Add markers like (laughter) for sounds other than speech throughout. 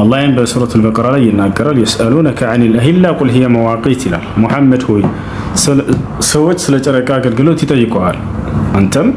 አላህም በሱረት አልበቀራ ላይ ይናገራል። የስአሉነከ አኒል አሂላ ቁል ሂየ መዋቂት ይላል። ሙሐመድ ሆይ ሰዎች ስለ ጨረቃ አገልግሎት ይጠይቀዋል፣ አንተም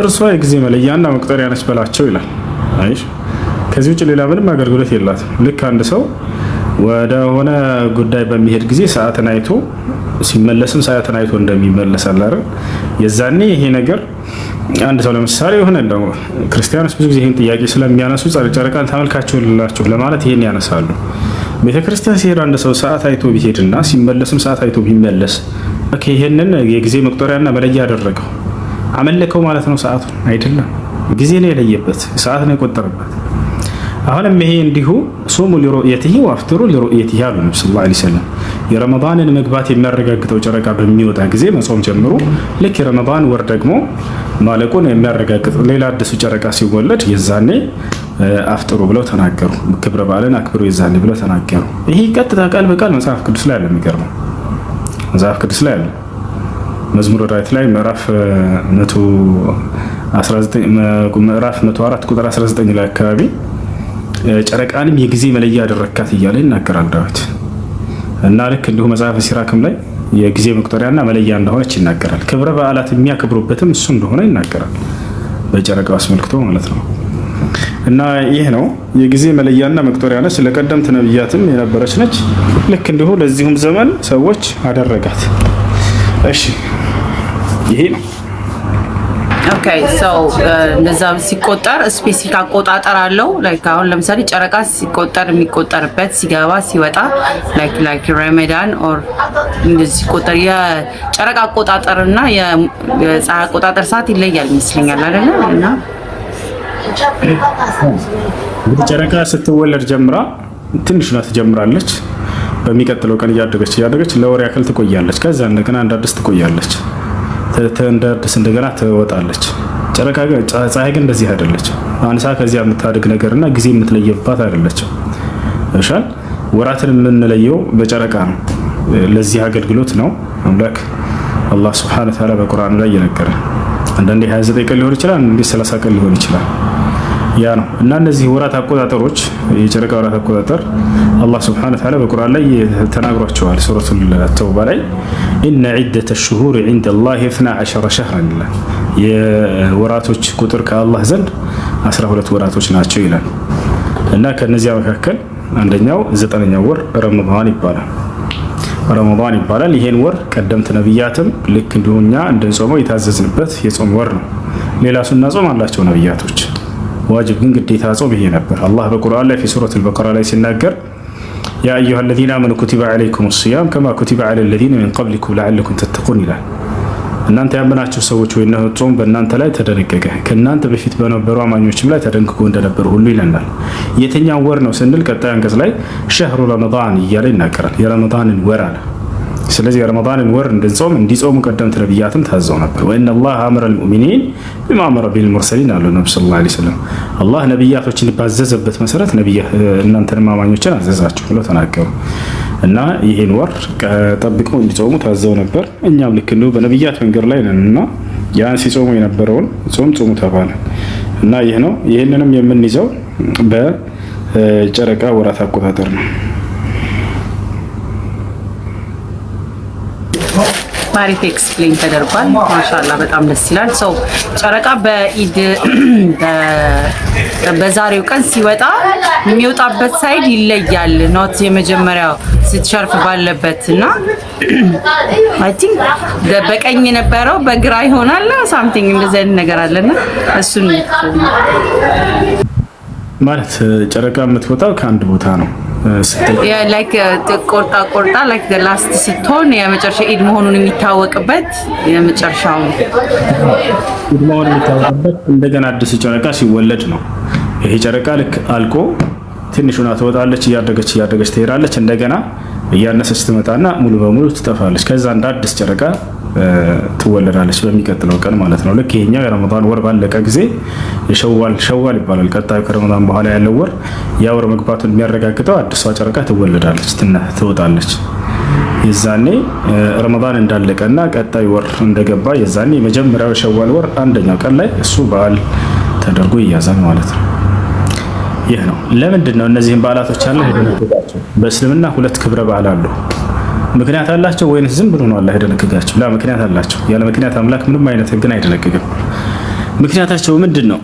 እርሷ የጊዜ መለያና መቁጠሪያ ነች በላቸው ይላል። አይሽ ከዚህ ውጭ ሌላ ምንም አገልግሎት የላት ልክ አንድ ሰው ወደ ሆነ ጉዳይ በሚሄድ ጊዜ ሰዓትን አይቶ ሲመለስም ሰዓትን አይቶ እንደሚመለስ አላረ የዛኔ ይሄ ነገር አንድ ሰው ለምሳሌ የሆነ እንደው ክርስቲያኖች ብዙ ጊዜ ይህን ጥያቄ ስለሚያነሱ ጨረቃን ተመልካችሁላችሁ ለማለት ይህን ያነሳሉ። ቤተ ክርስቲያን ሲሄድ አንድ ሰው ሰዓት አይቶ ቢሄድና ሲመለስም ሰዓት አይቶ ቢመለስ ይህንን የጊዜ መቁጠሪያና መለያ አደረገው አመለከው ማለት ነው። ሰዓቱ አይደለም፣ ጊዜ ነው የለየበት፣ ሰዓት ነው የቆጠረበት። አሁንም ይሄ እንዲሁ ሱሙ ሊሩእየትህ ወአፍጢሩ ሊሩእየትህ አሉ ነቢ ስ ላ ሰለም የረመዳንን መግባት የሚያረጋግጠው ጨረቃ በሚወጣ ጊዜ መጾም ጀምሩ። ልክ የረመዳን ወር ደግሞ ማለቁን የሚያረጋግጥ ሌላ አዲሱ ጨረቃ ሲወለድ የዛኔ አፍጥሩ ብለው ተናገሩ። ክብረ በዓልን አክብሩ የዛኔ ብለው ተናገሩ። ይሄ ቀጥታ ቃል በቃል መጽሐፍ ቅዱስ ላይ አለ። የሚገርመው መጽሐፍ ቅዱስ ላይ አለ። መዝሙረ ዳዊት ላይ ምዕራፍ 104 ቁጥር 19 ላይ አካባቢ ጨረቃንም የጊዜ መለያ ያደረካት እያለ ይናገራል ዳዊት። እና ልክ እንዲሁ መጽሐፈ ሲራክም ላይ የጊዜ መቁጠሪያና መለያ እንደሆነች ይናገራል። ክብረ በዓላት የሚያከብሩበትም እሱ እንደሆነ ይናገራል። በጨረቃ አስመልክቶ ማለት ነው። እና ይህ ነው የጊዜ መለያና መቁጠሪያ ነች። ለቀደምት ነብያትም የነበረች ነች። ልክ እንዲሁ ለዚሁም ዘመን ሰዎች አደረጋት። እሺ ይሄ ነው። ኦኬ ሰው uh, እንደዛ ሲቆጠር ስፔሲፊክ አቆጣጠር አለው። ላይክ አሁን ለምሳሌ ጨረቃ ሲቆጠር የሚቆጠርበት ሲገባ ሲወጣ፣ ላይክ ላይክ ረመዳን ኦር እንደዚህ ሲቆጠር የጨረቃ አቆጣጠርና የፀሐይ አቆጣጠር ሰዓት ይለያል ይመስለኛል አይደለ? እና እንግዲህ ጨረቃ ስትወለድ ጀምራ ትንሽ ናት ትጀምራለች። በሚቀጥለው ቀን እያደገች እያደገች ለወር ያክል ትቆያለች። ከዛ እንደገና አንዳድስ ትቆያለች። ተንዳርድስ እንደገና ትወጣለች። ጨረቃ ግን ፀሐይ ግን እንደዚህ አይደለችም። አንሳ ከዚያ የምታድግ ነገርና ጊዜ የምትለየባት አይደለች። እሻል ወራትን የምንለየው በጨረቃ ነው። ለዚህ አገልግሎት ነው አምላክ አላህ ስብሐነሁ ወተዓላ በቁርአኑ ላይ እየነገረ አንዳንዴ 29 ቀን ሊሆን ይችላል፣ እንዴ 30 ቀን ሊሆን ይችላል። ያ ነው እና እነዚህ ወራት አቆጣጠሮች የጨረቃ ወራት አቆጣጠር አላህ ስብሐነሁ ወተዓላ በቁርአን ላይ ተናግሯቸዋል። ሱረቱል ተውባ ላይ ኢነ ዒደተ ሽሁር ዒንደላሂ እስና ዐሸረ ሸህረን ይላል። የወራቶች ቁጥር ከአላህ ዘንድ 12 ወራቶች ናቸው ይላል እና ከነዚያ መካከል አንደኛው ዘጠነኛው ወር ረመዳን ይባላል ረመዳን ይባላል። ይሄን ወር ቀደምት ነብያትም ልክ እንዲሁ እኛ እንድንጾመው የታዘዝንበት የጾም ወር ነው። ሌላ ሱና ጾም አላቸው ነብያቶች። ዋጅብ ግን ግዴታ ጾም ይሄ ነበር። አላህ በቁርአን ላይ ሱረት አልበቀራ ላይ ሲናገር ያ አዩሃ አለዚነ አመኑ ኩቲበ ዓለይኩም ሲያም ከማ ኩቲበ ዓለ አለዚነ ሚን ቀብሊኩም ለዓለኩም ተተቁን ይላል። እናንተ ያመናችሁ ሰዎች ወይ ነው ጾም በእናንተ ላይ ተደነገገ ከእናንተ በፊት በነበሩ አማኞችም ላይ ተደንግጎ እንደነበሩ ሁሉ ይለናል። የትኛው ወር ነው ስንል ቀጣይ አንቀጽ ላይ ሸህሩ ረመዳን እያለ ይናገራል። የረመዳንን ወር አለ ስለዚህ ረመዳንን ወር እንድንጾም እንዲጾሙ ቀደምት ነብያትም ታዘው ነበር። ወኢነ ላህ አመረ ልሙእሚኒን ቢማ አመረ ቢል ሙርሰሊን አሉ ነብ ስለ ላ ስለም አላህ ነብያቶችን ባዘዘበት መሰረት እናንተንም አማኞችን አዘዛችሁ ብለው ተናገሩ እና ይህን ወር ጠብቀው እንዲጾሙ ታዘው ነበር። እኛም ልክ እንዲሁ በነብያት መንገድ ላይ ነን እና ያን ሲጾሙ የነበረውን ጾም ጾሙ ተባለ እና ይህ ነው። ይህንንም የምንይዘው በጨረቃ ወራት አቆጣጠር ነው። ታሪፍ ኤክስፕሌን ተደርጓል። ማሻላ በጣም ደስ ይላል። ሰው ጨረቃ በኢድ (clears throat) በዛሬው ቀን ሲወጣ የሚወጣበት ሳይድ ይለያል። ኖት የመጀመሪያው ስትሸርፍ ባለበት እና አይ (clears throat) ቲንክ በቀኝ የነበረው በግራ ይሆናል። ሳምቲንግ እንደዚህ አይነት ነገር አለና እሱን ማለት ጨረቃ የምትወጣው ከአንድ ቦታ ነው ላይክ uh, ቆርጣ ቆርጣ ላይክ ላስት ስትሆን የመጨረሻ ኢድ መሆኑን የሚታወቅበት የመጨረሻው ኢድ መሆኑን የሚታወቅበት እንደገና አዲስ ጨረቃ ሲወለድ ነው። ይሄ ጨረቃ ልክ አልቆ ትንሽ ትወጣለች፣ እያደገች እያደገች ትሄዳለች። እንደገና እያነሰች ትመጣና ሙሉ በሙሉ ትጠፋለች። ከዛ እንደ አዲስ ጨረቃ ትወለዳለች በሚቀጥለው ቀን ማለት ነው። ልክ ይሄኛው የረመዳን ወር ባለቀ ጊዜ የሸዋል ሸዋል ይባላል። ቀጣዩ ከረመዳን በኋላ ያለው ወር ያ ወር መግባቱን የሚያረጋግጠው አዲሷ ጨረቃ ትወለዳለች፣ ትወጣለች። የዛኔ ረመዳን እንዳለቀና ቀጣይ ወር እንደገባ የዛኔ የመጀመሪያው የሸዋል ወር አንደኛው ቀን ላይ እሱ በዓል ተደርጎ ይያዛል ማለት ነው። ይህ ነው። ለምንድን ነው እነዚህን በዓላቶች አለ በእስልምና ሁለት ክብረ በዓል አሉ። ምክንያት አላቸው ወይንስ ዝም ብሎ ነው አላህ የደነገጋቸው? ላ ምክንያት አላቸው። ያለ ምክንያት አምላክ ምንም አይነት ህግን አይደነግግም። ምክንያታቸው ምንድን ነው?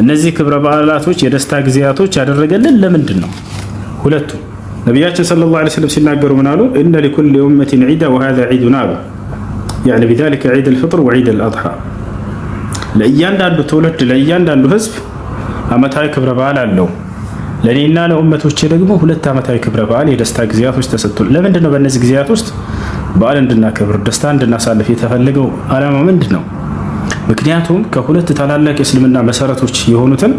እነዚህ ክብረ በዓላቶች የደስታ ጊዜያቶች ያደረገልን ለምንድን ነው? ሁለቱ ነቢያችን ሰለላሁ ዐለይሂ ወሰለም ሲናገሩ ምን አሉ? እነ ሊኩል ኡመቲን ዒዳ ወሃዛ ዒዱና አሉ። ያዕኒ ቢዛሊከ ዒድ አልፍጥር ወዒድ አልአድሓ። ለእያንዳንዱ ትውልድ ለእያንዳንዱ ህዝብ አመታዊ ክብረ በዓል አለው። ለእኔና ለኡመቶቼ ደግሞ ሁለት ዓመታዊ ክብረ በዓል የደስታ ጊዜያቶች ተሰጥቶ ለምንድን ነው በእነዚህ ጊዜያት ውስጥ በዓል እንድናከብር ደስታ እንድናሳልፍ የተፈለገው ዓላማ ምንድን ነው? ምክንያቱም ከሁለት ታላላቅ የእስልምና መሰረቶች የሆኑትን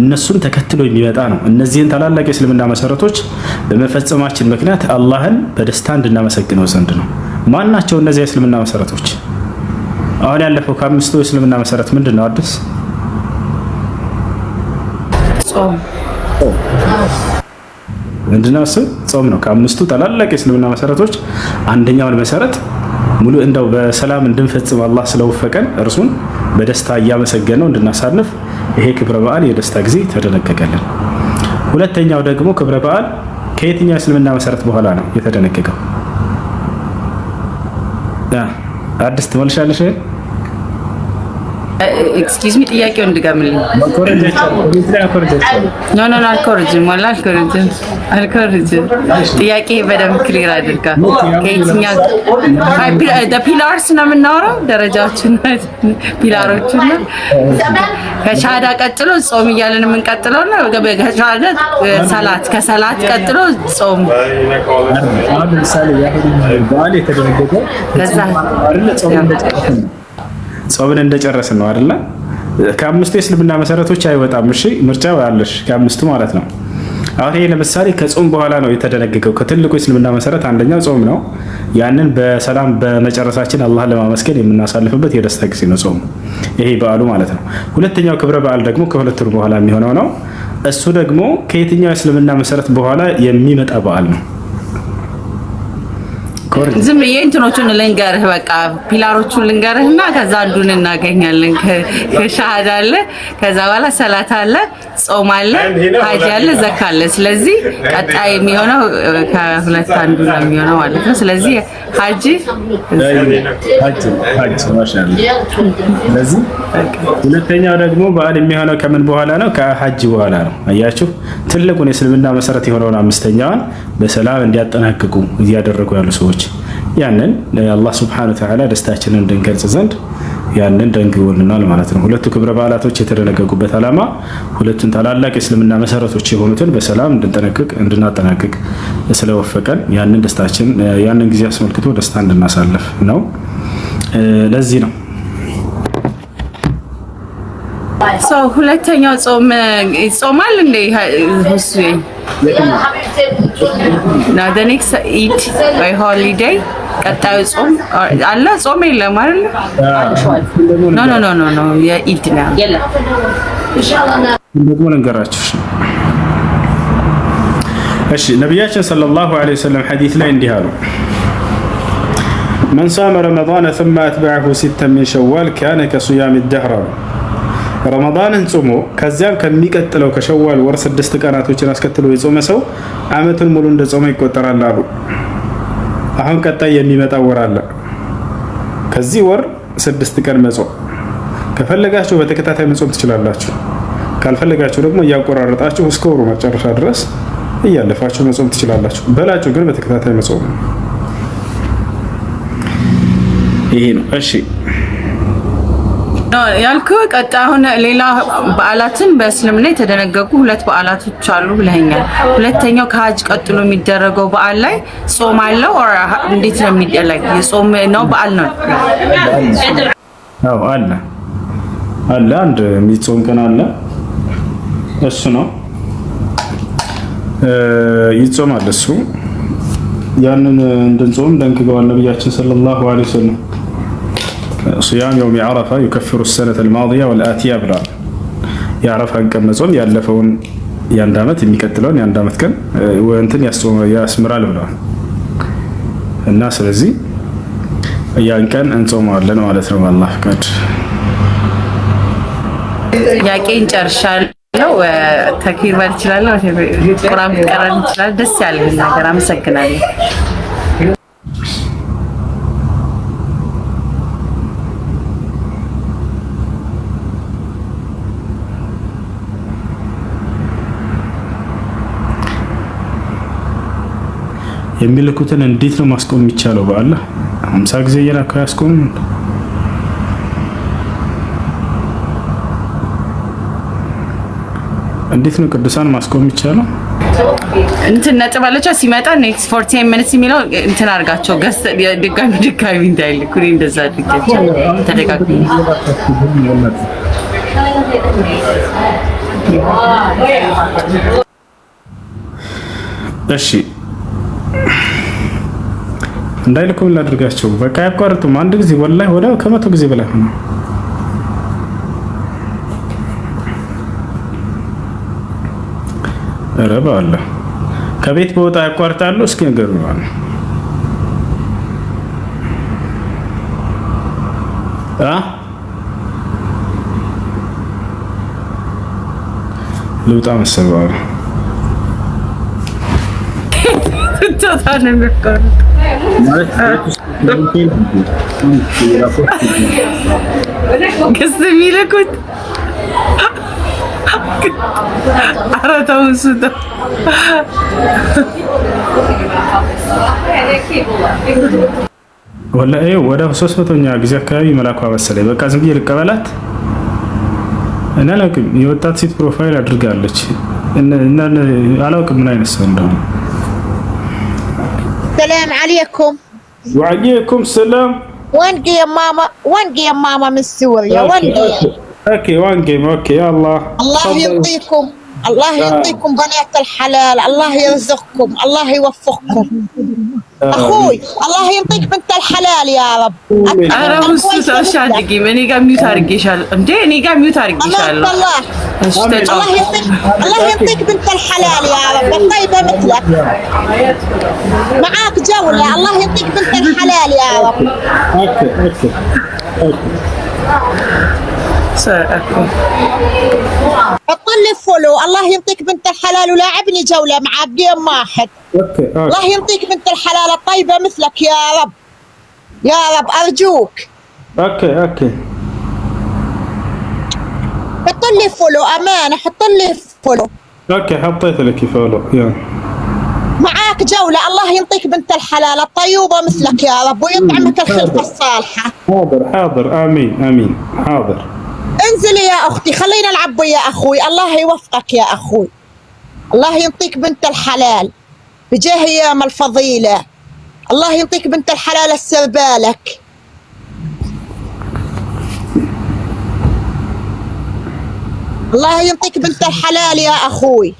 እነሱን ተከትሎ የሚመጣ ነው። እነዚህን ታላላቅ የእስልምና መሰረቶች በመፈጸማችን ምክንያት አላህን በደስታ እንድናመሰግነው ዘንድ ነው። ማናቸው እነዚያ የእስልምና መሰረቶች? አሁን ያለፈው ከአምስቱ የእስልምና መሰረት ምንድን ነው? አዲስ ምንድነው እሱ? ጾም ነው። ከአምስቱ ታላላቅ የእስልምና መሰረቶች አንደኛውን መሰረት ሙሉ እንደው በሰላም እንድንፈጽም አላህ ስለወፈቀን እርሱን በደስታ እያመሰገነው እንድናሳልፍ ይሄ ክብረ በዓል የደስታ ጊዜ ተደነገገልን። ሁለተኛው ደግሞ ክብረ በዓል ከየትኛው የእስልምና መሰረት በኋላ ነው የተደነገገው? አዲስ ትመልሻለሽ? ኤክስኪውዝ ሚ ጥያቄው እንድገምልኝ። ኖ ኖ አልኮርጅም፣ ወላ አልኮርጅም፣ አልኮርጅም። ጥያቄ በደምብ ክሊር አድርጋ ከየትኛ ፒላርስ ነው የምናወራው? ደረጃዎችን (laughs) ፒላሮችን ነው ቀጥሎ ጾም እያለን የምንቀጥለው ነው። ከሻሃዳ ሰላት፣ ከሰላት ቀጥሎ ጾም ጾምን እንደጨረስን ነው አይደለ? ከአምስቱ የእስልምና መሰረቶች አይወጣም። እሺ ምርጫ አለሽ ከአምስቱ ማለት ነው። አሁን ይሄ ለምሳሌ ከጾም በኋላ ነው የተደነገገው። ከትልቁ የእስልምና መሰረት አንደኛው ጾም ነው። ያንን በሰላም በመጨረሳችን አላህ ለማመስገን የምናሳልፍበት የደስታ ጊዜ ነው ጾሙ፣ ይሄ በዓሉ ማለት ነው። ሁለተኛው ክብረ በዓል ደግሞ ከሁለት ወር በኋላ የሚሆነው ነው። እሱ ደግሞ ከየትኛው የእስልምና መሰረት በኋላ የሚመጣ በዓል ነው። ዝም ብዬ እንትኖቹን ልንገርህ፣ በቃ ፒላሮቹን ልንገርህ እና ከዛ አንዱን እናገኛለን። ከሻሃድ አለ፣ ከዛ በኋላ ሰላት አለ፣ ጾም አለ፣ ሀጅ አለ፣ ዘካ አለ። ስለዚህ ቀጣይ የሚሆነው ከሁለት አንዱ ነው የሚሆነው ማለት ነው። ስለዚህ ሀጅ ስለዚህ ሁለተኛው ደግሞ በዓል የሚሆነው ከምን በኋላ ነው? ከሀጅ በኋላ ነው። አያችሁ ትልቁን የእስልምና መሰረት የሆነውን አምስተኛዋን በሰላም እንዲያጠናቅቁ እያደረጉ ያሉ ሰዎች ነች። ያንን አላህ ስብሐነሁ ወተዓላ ደስታችንን እንድንገልጽ ዘንድ ያንን ደንግቦልናል ማለት ነው። ሁለቱ ክብረ በዓላቶች የተደነገጉበት ዓላማ ሁለቱን ታላላቅ የእስልምና መሰረቶች የሆኑትን በሰላም እንድናጠናቅቅ ስለወፈቀን ያንን ደስታችን ያንን ጊዜ አስመልክቶ ደስታ እንድናሳልፍ ነው። ለዚህ ነው ሁለተኛው ጾም ይጾማል እንደ ና ዘ ኔክስት ኢድ ወይ ሆሊዴይ ቀጣዩ ጾም አለ። ጾም የለም አይደል? ኖ ኖ ኖ ኖ ኖ የኢድ ነው ደግሞ ነገራችሁ። እሺ ነቢያችን ሰለላሁ ዐለይሂ ወሰለም ሐዲስ ላይ እንዲህ አሉ። መን ሳመ ረመዳነ ثم أتبعه ستا من شوال كان كصيام الدهر ረመዳንን ጾሞ ከዚያም ከሚቀጥለው ከሸዋል ወር ስድስት ቀናቶችን አስከትሎ የጾመ ሰው አመቱን ሙሉ እንደ ጾመ ይቆጠራል አሉ። አሁን ቀጣይ የሚመጣ ወር አለ። ከዚህ ወር ስድስት ቀን መጾም ከፈለጋችሁ በተከታታይ መጾም ትችላላችሁ። ካልፈለጋችሁ ደግሞ እያቆራረጣችሁ እስከ ወሩ መጨረሻ ድረስ እያለፋችሁ መጾም ትችላላችሁ። በላችሁ ግን በተከታታይ መጾም ይሄ ነው። እሺ ያልኩ ቀጣ አሁን ሌላ በዓላትን በእስልምና የተደነገጉ ሁለት በዓላቶች አሉ ብለኛል። ሁለተኛው ከሀጅ ቀጥሎ የሚደረገው በዓል ላይ ጾም አለው። እንዴት ነው የሚደረግ? የጾም ነው በዓል ነው አለ አለ አንድ የሚጾም ቀን አለ። እሱ ነው ይጾማል። እሱ ያንን እንድንጾም ደንግገዋል ነብያችን ሰለላሁ ዐለይሂ ወሰለም ሲያም የውም የዓረፋ ዩከፍሩ ሰነት አልማዲያ ወልአቲያ ብለዋል። የዓረፋን ቀን መጾም ያለፈውን የአንድ ዓመት የሚቀጥለውን የአንድ ዓመት ቀን እንትን ያስምራል ብለዋል እና ስለዚህ ያን ቀን እንጾመዋለን ማለት ነው በአላህ ፈቃድ። ጥያቄን ጨርሻለሁ። ተክቢር ማለት ይችላለሁ። ቁርአን ይቀራል ይችላል። ደስ ያለኝ ነገር አመሰግናለሁ። የሚልኩትን እንዴት ነው ማስቆም የሚቻለው? በአላህ ሀምሳ ጊዜ እየላከ ያስቆም እንዴት ነው ቅዱሳን ማስቆም የሚቻለው? እንትን ነጥብ አለችው። ሲመጣ ኔክስት ፎርቲ ሚኒትስ የሚለው እንትን አድርጋቸው ገስ ድጋሚ ድጋሚ እንዳይልኩ እንደዛ አድርጋቸው ተደጋግሞ እሺ እንዳይልኩም ላድርጋቸው። በቃ አያቋርጡም። አንድ ጊዜ ወላሂ ወደ ከመቶ ጊዜ በላይ ሆነ። ኧረ በአለ ከቤት በወጣ ያቋርጣሉ። እስኪ ነገር ነው አ ልውጣ የሚያቋርጡ ክስ የሚልኩት ኧረ ተው እሱ ወላሂ ወደ ሶስት መቶኛ ጊዜ አካባቢ መላኳ መሰለኝ። በቃ ዝም ብዬ ልቀበላት እና አላውቅም። የወጣት ሴት ፕሮፋይል አድርጋለች አላውቅም ምን አይነት ሰው እንደሆነ السلام عليكم وعليكم السلام وين يا ماما وين يا ماما من سوريا وين قيم اوكي وين قيم اوكي يلا الله يرضيكم الله آه. يعطيكم بنات الحلال الله يرزقكم الله يوفقكم اخوي الله يعطيك بنت الحلال يا رب انا مستس اشادقي ماني قام ميوت ارقيشال امدي اني قام ميوت ارقيشال الله الله يعطيك الله يعطيك بنت الحلال يا رب الطيبه مثلك معاك جوله الله يعطيك بنت الحلال يا رب اوكي اوكي اوكي ساعتكم لي فولو الله يعطيك بنت الحلال ولاعبني جوله معاه جيم واحد اوكي الله يعطيك بنت الحلال الطيبه مثلك يا رب يا رب ارجوك اوكي اوكي حط لي فولو امانه حط لي فولو اوكي حطيت لك فولو يا معاك جولة الله يعطيك بنت الحلال الطيوبة مثلك يا رب ويطعمك الخلقة الصالحة حاضر حاضر آمين آمين حاضر انزلي يا اختي خلينا نلعب يا اخوي الله يوفقك يا اخوي الله ينطيك بنت الحلال بجاه ايام الفضيله الله ينطيك بنت الحلال السبالك الله ينطيك بنت الحلال يا اخوي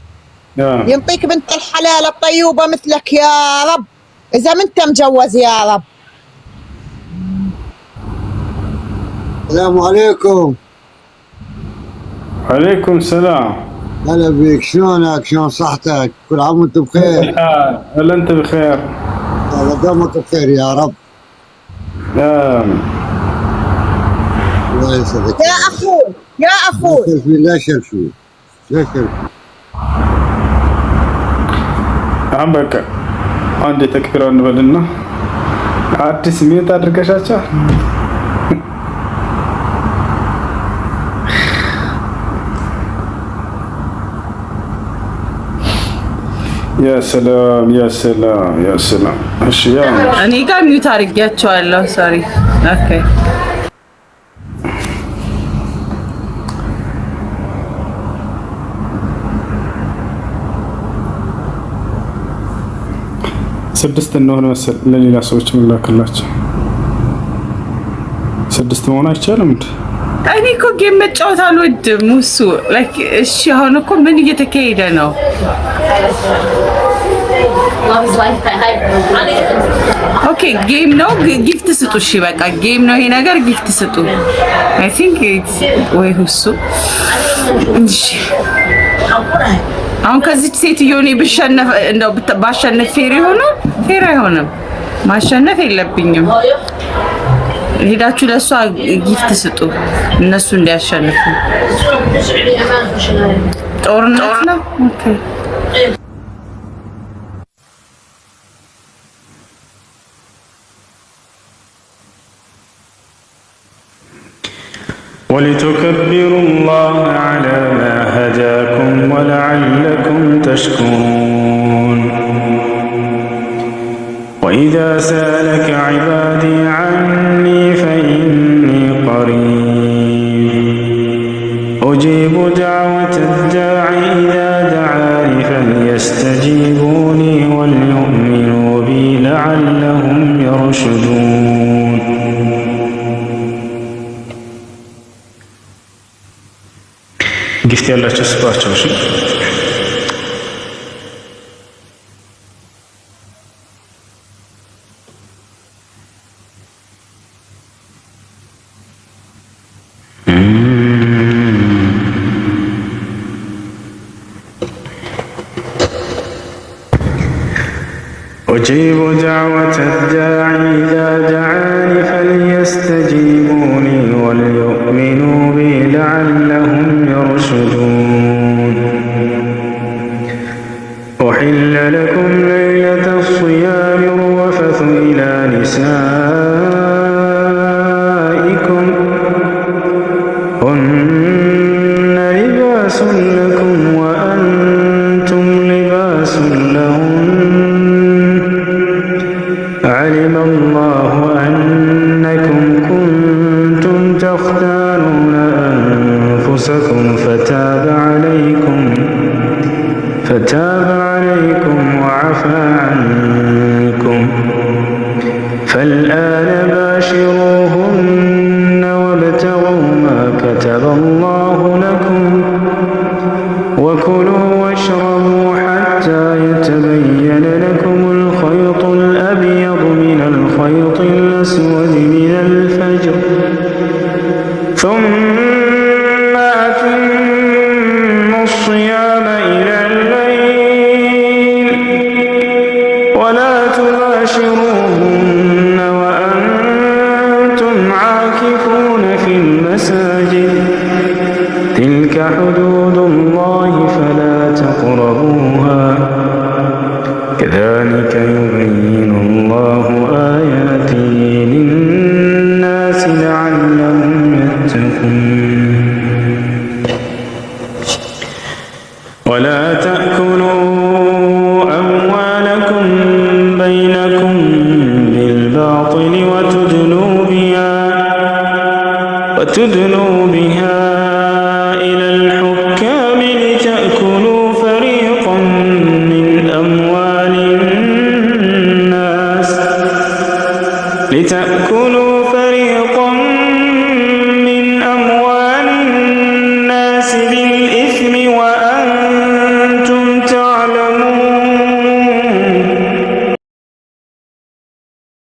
نعم. ينطيك بنت الحلال الطيوبه مثلك يا رب اذا ما انت مجوز يا رب السلام عليكم عليكم السلام هلا بك شلونك شلون صحتك كل عام وانت بخير هلا انت بخير هلا دامك بخير يا رب آمين الله يسعدك يا اخوي يا اخوي لا شرفي لا شرفي عندي አንድ የተክብራን عاد አዲስ ስሜት አድርገሻቸው ያሰላም ያሰላም ያሰላም። እሺ ያ እኔ ጋር ሚውት አድርጌያቸዋለሁ። ሶሪ ኦኬ። ስድስት እንደሆነ መሰለኝ ለሌላ ሰዎች የምላክላቸው ስድስት መሆን አይቻልም። እኔ እኮ ጌም መጫወት አልወድም። እሱ ላይክ እሺ፣ አሁን እኮ ምን እየተካሄደ ነው? ኦኬ ጌም ነው። ጊፍት ስጡ። እሺ በቃ ጌም ነው ይሄ ነገር፣ ጊፍት ስጡ። አይ ቲንክ ወይ ሁሱ እሺ አሁን ከዚች ሴትዮ እኔ ብሸነፍ እንደው ባሸነፍ ፌር የሆነ ፌር አይሆንም። ማሸነፍ የለብኝም። ሄዳችሁ ለእሷ ጊፍት ስጡ፣ እነሱ እንዲያሸንፉ ጦርነት ነው። ኦኬ ولتكبروا الله على ما هداكم ولعلكم تشكرون وإذا سألك عبادي عني فإني قريب أجيب دعوة ጊፍት ያላቸው ስጧቸው። እሺ أجيب دعوة الداعي إذا دعا suelo أنفسكم فتاب عليكم فتاب عليكم وعفى عنكم فالآن وتدنو بها